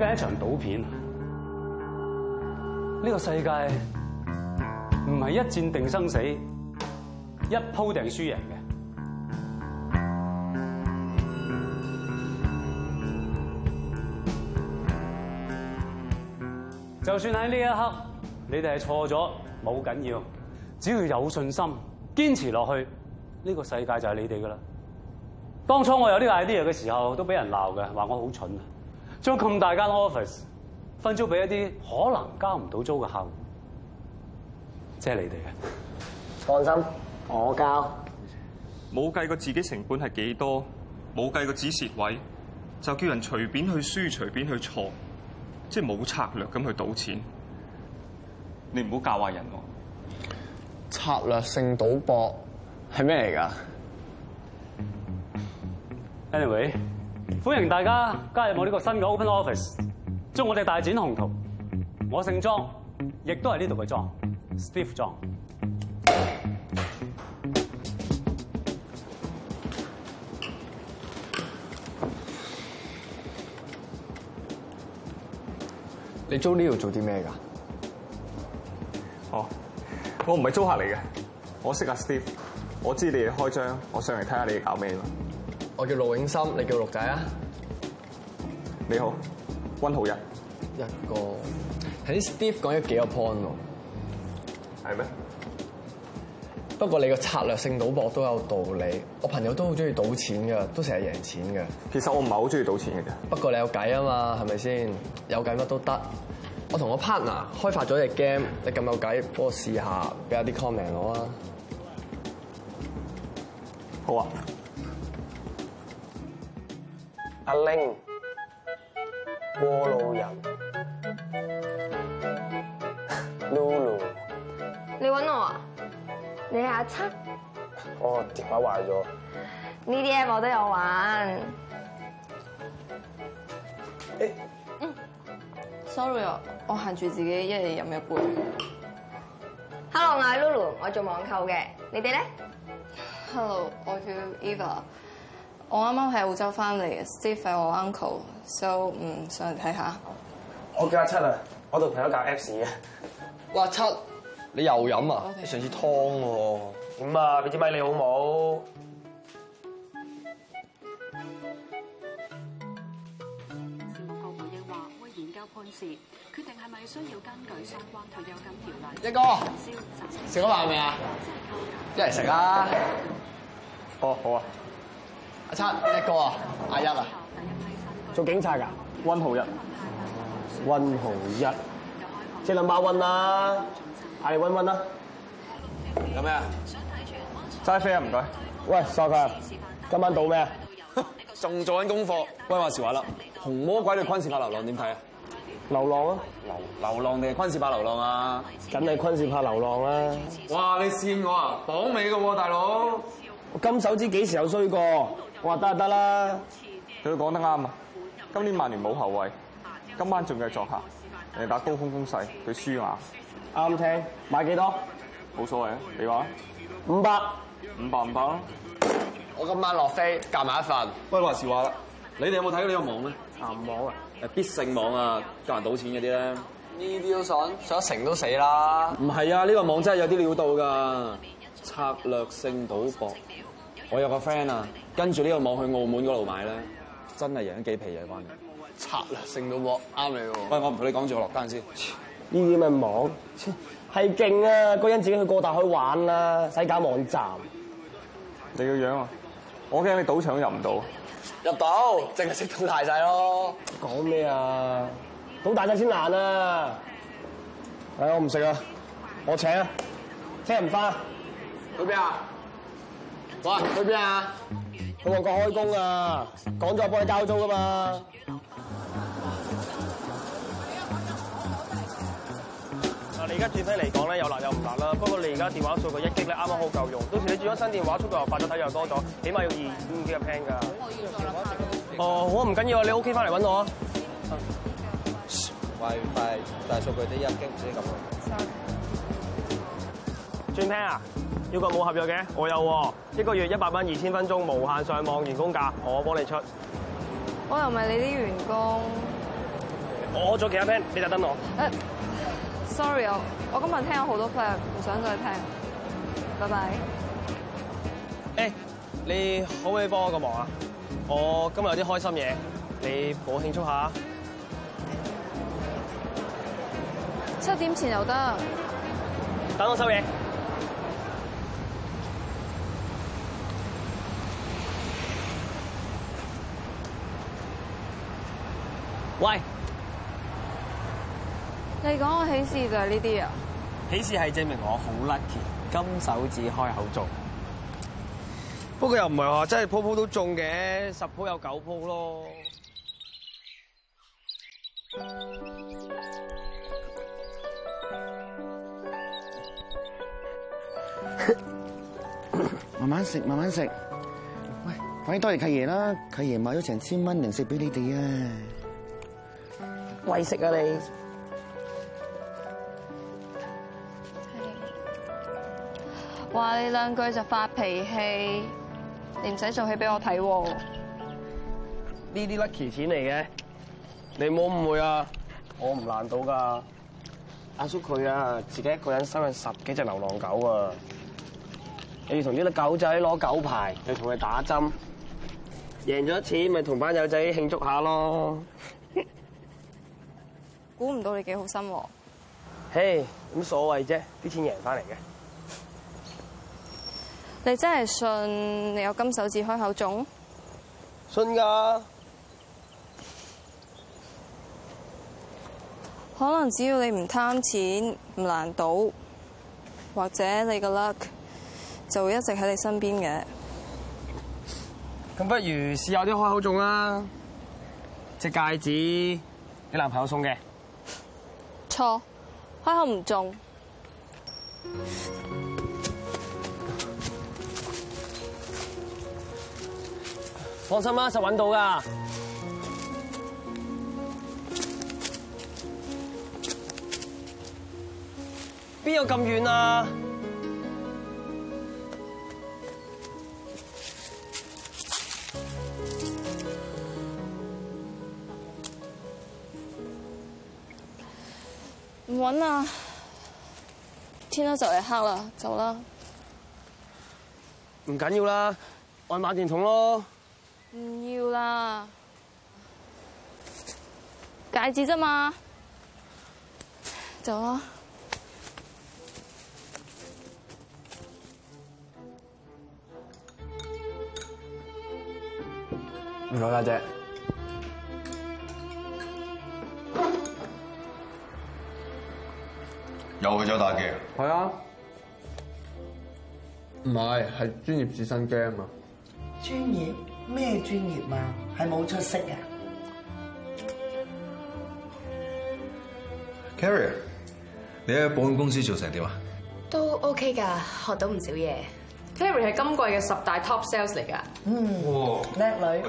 係一場賭片，呢個世界唔係一戰定生死，一鋪定輸贏嘅。就算喺呢一刻你哋係錯咗，冇緊要，只要有信心，堅持落去，呢個世界就係你哋噶啦。當初我有呢個 idea 嘅時候，都俾人鬧嘅，話我好蠢租咁大間 office，分租俾一啲可能交唔到租嘅客戶，即係你哋啊！放心，我交。冇計過自己成本係幾多，冇計過止蝕位，就叫人隨便去輸隨便去錯，即係冇策略咁去賭錢。你唔好教下人喎。策略性賭博係咩嚟噶？Anyway。歡迎大家加入我呢個新嘅 Open Office，祝我哋大展宏圖，oh。我姓莊，亦都係呢度嘅莊，Steve 莊。你租呢度做啲咩㗎？我唔係租客嚟嘅，我識阿 Steve，我知你哋開張，我上嚟睇下你哋搞咩。我叫陸永心，你叫陸仔啊。你好，温浩日。一個喺 Steve 講咗幾個 point 喎、啊。係咩？不過你個策略性賭博都有道理。我朋友都好中意賭錢㗎，都成日贏錢㗎。其實我唔係好中意賭錢嘅。不過你有計啊嘛，係咪先？有計乜都得。我同我 partner 開發咗隻 game，你咁有計，幫我試下，俾一啲 comment 我啊。好啊。阿玲，過路人 ，Lulu，你揾我啊？你阿七？哦，電話壞咗。呢啲嘢我都有玩。誒、欸，嗯，sorry 啊，我限住自己一日飲一杯。Hello，我係 Lulu，我做網購嘅。你哋咧？Hello，我叫 Eva。我啱啱喺澳洲翻嚟，Steve 係我 uncle，所以嗯上嚟睇下。我叫阿七啊，我度朋友搞 Apps 嘅。阿七，你又飲啊？你上次劏喎、啊，咁啊俾支米你好冇。小郭回應話：會研究判詞，決定係咪需要根據相關退休金條例。一哥，食咗飯未啊？一齊食啊！好，好啊。阿七、這個、一個啊，阿一啊，做、hourly. 警察噶，温豪一，温豪一，即係兩巴温啦，係温温啦，有咩啊？齋飛啊唔該，喂收佢，今晚賭咩啊？仲做緊功課，威話時話啦，紅魔鬼對昆士柏流浪點睇啊？流浪啊，流流浪定昆士柏流浪啊？梗係昆士柏流浪啊！哇你跣我啊，綁尾噶大佬。金手指幾時有衰過？我話得就得啦，佢講得啱啊！今年曼聯冇後衞，今晚仲要作客，你打高空攻勢，佢輸啊！啱聽，買幾多？冇所謂啊，你話？五百，五百五百咯！我今晚落飛夾埋一份。不過話時話啦，你哋有冇睇過呢個網咧？啊網啊，誒必勝網啊，教人賭錢嗰啲咧？呢啲都想，想成都死啦！唔係啊，呢、呢個網真係有啲料到㗎，策略性賭博。我有個 friend 啊，跟住呢個網去澳門嗰度買咧，真係贏咗幾皮嘢翻嚟。拆啦，剩到乜？啱你喎。喂，我唔同你講住，我落單先。呢啲咩網？係勁啊！個人自己去過大海玩啦，啊，使搞網站。你個樣啊？我驚你賭場入唔到。入到，淨係識賭大細咯。講咩啊？賭大細先難啊！係啊，我唔食啊，我請。聽唔翻？去咩啊？喂，去邊啊？去旺角開工啊！講咗幫你交租噶嘛？啊！你而家轉飛嚟講咧，有辣有唔辣啦。不過你而家電話數據一 G 咧，啱啱好夠用。到時你轉咗新電話，速度又快咗，睇又多咗，起碼要二五幾個 ping 㗎。哦，好啊，唔緊要啊，你 OK 翻嚟揾我啊，啊。喂，快，f 大數據啲一 G 唔止咁啊。轉聽啊！要個冇合約嘅，我有喎。一個月一百蚊，二千分鐘無限上網，員工價，我幫你出我你我你我我。我又唔係你啲員工。我開咗其他 plan 你等等我。誒，sorry，我我今日聽咗好多 plan，唔想再聽。拜拜。誒，你可唔可以幫我個忙啊？我今日有啲開心嘢，你幫我慶祝下。七點前又得。等我收嘢。喂，你講個喜事就係呢啲啊？喜事係證明我好 lucky，金手指開口中。不過又唔係話真係鋪鋪都中嘅，十鋪有九鋪咯。 慢慢食，慢慢食。喂，反正多謝契爺啦，契爺買咗成千蚊零食俾你哋啊！喂，食啊你！你話你兩句就發脾氣，你唔使做戲俾我睇。呢啲 lucky 錢嚟嘅，你唔好誤會啊！我唔爛賭噶，阿叔佢啊，自己一個人生咗十幾隻流浪狗啊，你要同啲狗仔攞狗牌，你同佢打針，贏咗錢咪同班友仔慶祝一下咯。估唔到你幾好心，嘿，冇所謂啫，啲錢贏翻嚟嘅。你真係信你有金手指開口中？信噶，可能只要你唔貪錢，唔爛賭，或者你個 luck 就會一直喺你身邊嘅。咁不如試下啲開口中啦，隻戒指你男朋友送嘅。錯，開口唔中。放心啦，實搵到㗎，邊有咁遠啊？搵啦，天都就嚟黑啦，走啦。唔緊要啦，按馬電筒咯。唔要啦，戒指啫嘛，走啦。唔該，家姐。又去咗打機？係啊，唔係，係專業紙身 game 啊嘛。專業咩專業啊？係冇出息啊。Carrie，你喺保險公司做成點啊？都 OK 㗎，學到唔少嘢。Carrie 係今季嘅十大 Top Sales 嚟㗎。嗯，叻女。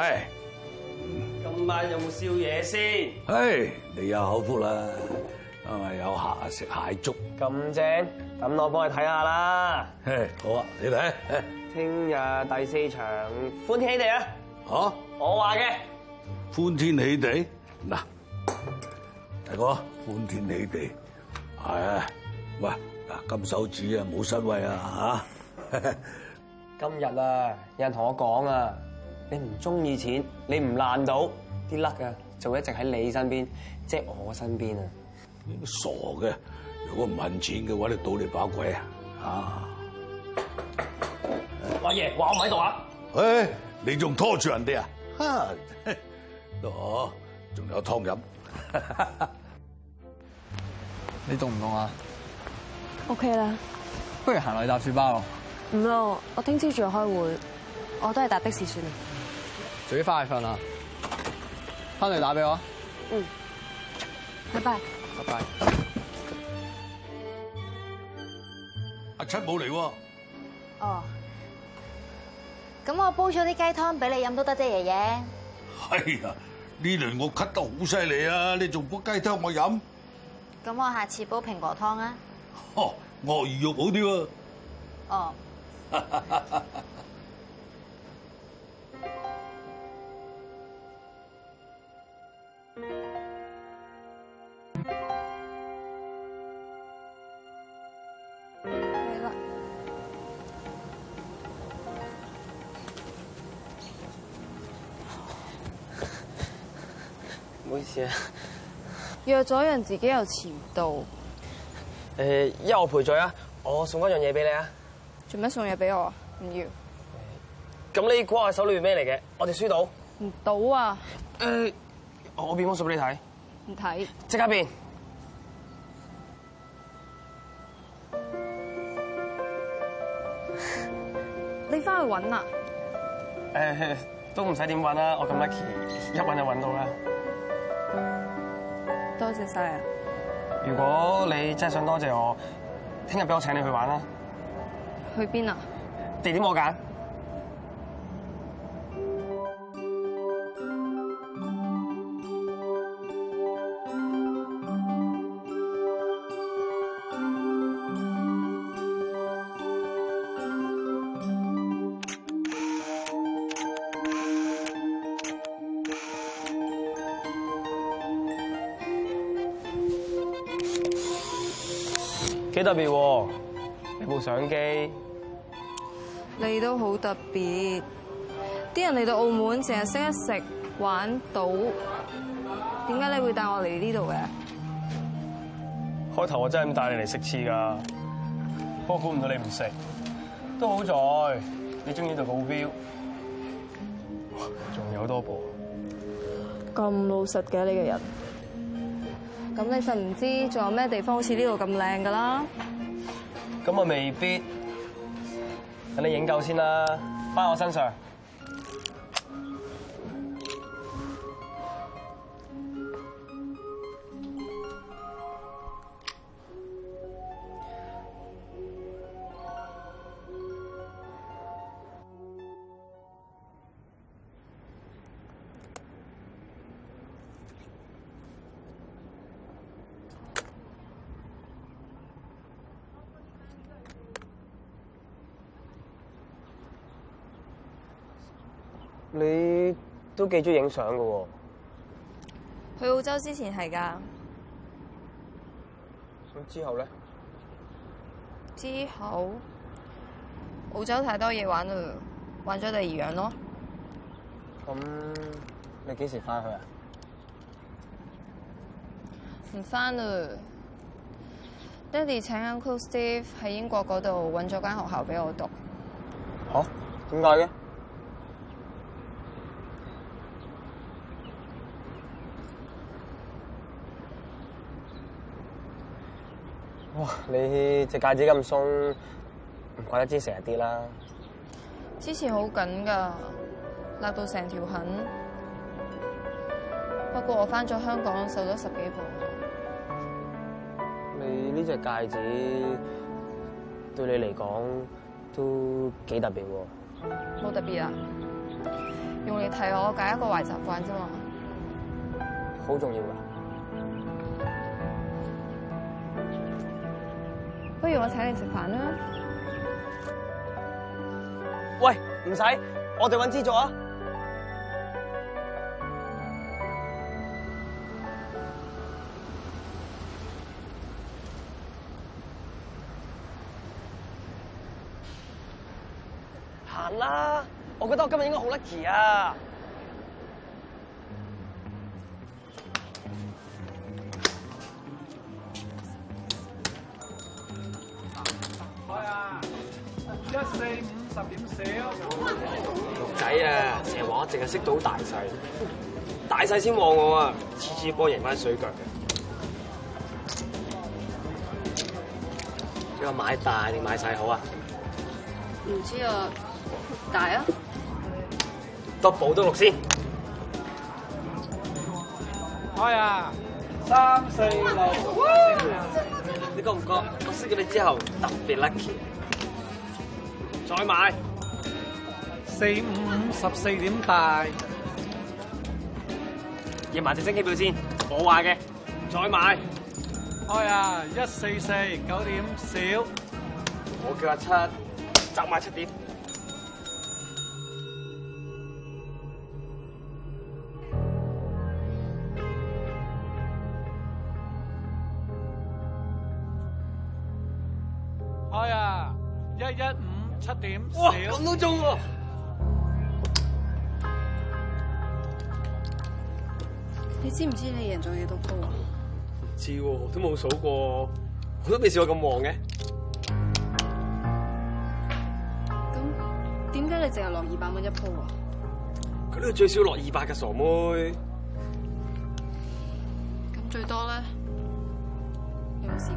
哎，今晚用宵夜先。嘿、hey，你有口福啦，因為有蟹食蟹粥。咁正，等我幫你睇下啦。嘿、hey，好啊，你睇。誒，聽日第四場歡天喜地啊。吓、huh？我話嘅歡天喜地。嗱，大哥歡天喜地係，喂、hey. 嗱、hey. 金手指啊，冇失威啊吓。今日啊，有人同我講啊。你唔中意錢，你唔爛到啲甩嘅，就會一直喺你身邊，即係我身邊啊！你傻嘅，如果唔贏錢嘅話，你賭你把鬼啊！啊！華爺，話我唔喺度啦。誒，你仲拖住人哋啊？嚇，都好，仲有湯飲。你凍唔凍啊？OK 啦。不如行落去搭雪巴。唔咯，我聽朝仲有開會，我都係搭的士算啦。早啲翻去瞓啦，翻嚟打俾我。嗯，拜拜。拜拜，拜。阿七冇嚟喎。哦。咁我煲咗啲雞湯俾你飲都、哎、得啫，爺爺。係啊，呢輪我咳得好犀利啊，你仲煲雞湯我飲？咁我下次煲蘋果湯啊。哦，鱷魚肉好啲喎。哦。 試試約咗人，自己又遲到。誒，要我賠罪啊！我送一樣嘢俾你啊！做咩送嘢俾我？啊？唔要。咁你估吓手裏面咩嚟嘅？我哋輸到？唔到啊！誒、呃，我變魔術俾你睇。唔睇。即刻變！你翻去揾啊！誒、呃，都唔使點揾啦，我咁 lucky，、嗯、一揾就揾到啦。多謝晒啊！如果你真係想多謝，謝我，聽日俾我請你去玩啦。去邊啊？地點我揀。好特別喎！你部相機，你都好特別。啲人嚟到澳門成日識得食玩賭，點解你會帶我嚟呢度嘅？開頭我真係咁帶你嚟食翅㗎，不過估唔到你唔食。都好在你中意度個 view，仲有多部。咁老實嘅你個人。咁你就唔知，仲有咩地方好似呢度咁靚㗎啦？咁我未必，等你影夠先啦，返我身上。記中影相噶喎，去澳洲之前係噶，咁之後咧？之後澳洲太多嘢玩啦，玩咗第二樣咯。咁、嗯、你幾時翻去啊？唔翻啦，爹哋請 Uncle Steve 喺英國嗰度搵咗間學校俾我讀。好，點解嘅？.你隻戒指咁鬆，唔怪得知成日跌啦。之前好緊噶，勒到成條痕。不過我翻咗香港，瘦咗十幾磅。你呢隻戒指對你嚟講都幾特別喎。好特別啊！用嚟提我戒一個壞習慣啫嘛。好重要噶。不如我請你食飯啦！喂，唔使，我哋揾資助啊！行啦，我覺得我今日應該好 lucky 啊！一四五十點少，陸仔啊！成日話淨係識到大細，大細先旺我啊！次次波贏返水腳，你話買大定買細好啊？唔知啊，大啊！多保多六先，開啊 you！三四六，你覺唔覺我識咗你之後特別 lucky？再買四五五十四點大，驗埋直升機票先，冇壞嘅。再買開啊，一四四九點小，我叫阿七執埋七點。哇，咁都中喎！你知唔知你贏咗幾多鋪啊？唔知喎，都冇數過，我都未試過咁忙嘅。咁點解你淨係落二百蚊一鋪啊？佢都要最少落二百嘅，傻妹。咁最多呢，有冇試過？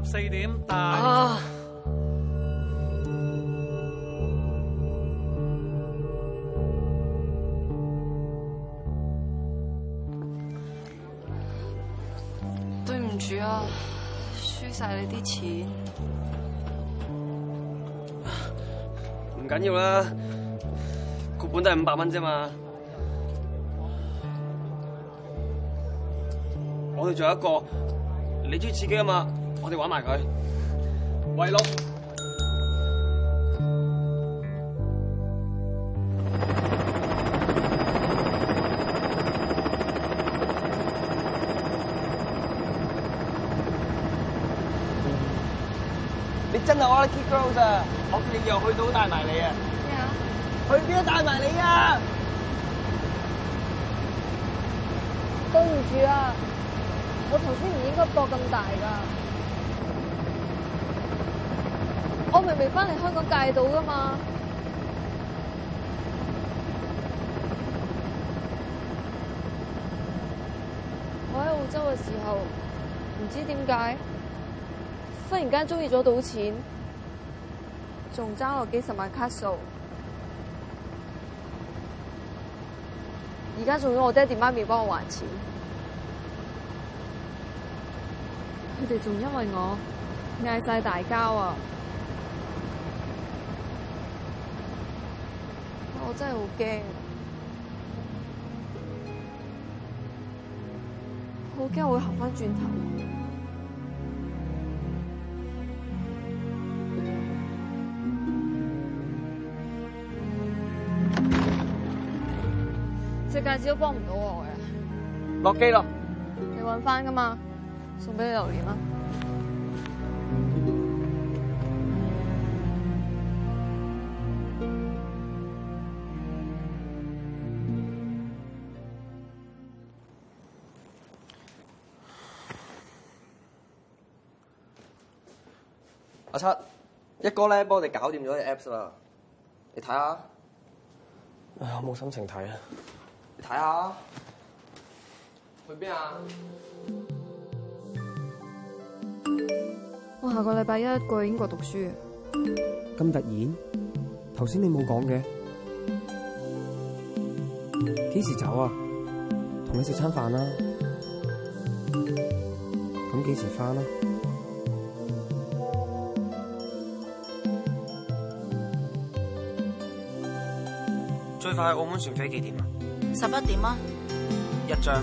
十四點，但對唔住啊，輸晒、啊、你啲錢。唔緊要啦，股本都係五百蚊啫嘛，我哋仲有一個，你中意刺激啊嘛。我哋玩埋佢，喂六， 你真係我啲 key girls 啊！我見你又去到帶埋你啊！咩啊？去邊啊？帶埋你啊？對唔住啊，我頭先唔應該搏咁大噶。我明明翻嚟香港戒賭噶嘛！我喺澳洲嘅時候，唔知點解，忽然間中意咗賭錢，仲爭落幾十萬卡數，而家仲要我爹哋媽咪幫我還錢，佢哋仲因為我嗌晒大交啊！我真係好驚，好驚我會行翻轉頭。隻戒指都幫唔到我嘅，落機咯。你搵翻噶嘛？送俾你留念啦。七一哥咧，幫我哋搞掂咗啲 apps 啦。你睇下。唉，我冇心情睇啊。你睇下。去邊啊？我下個禮拜一過去英國讀書。咁突然？頭先你冇講嘅。幾時走啊？同你食餐飯啦。咁幾時翻啦啊？快，澳門船飛幾點啊？十一點啊，一張。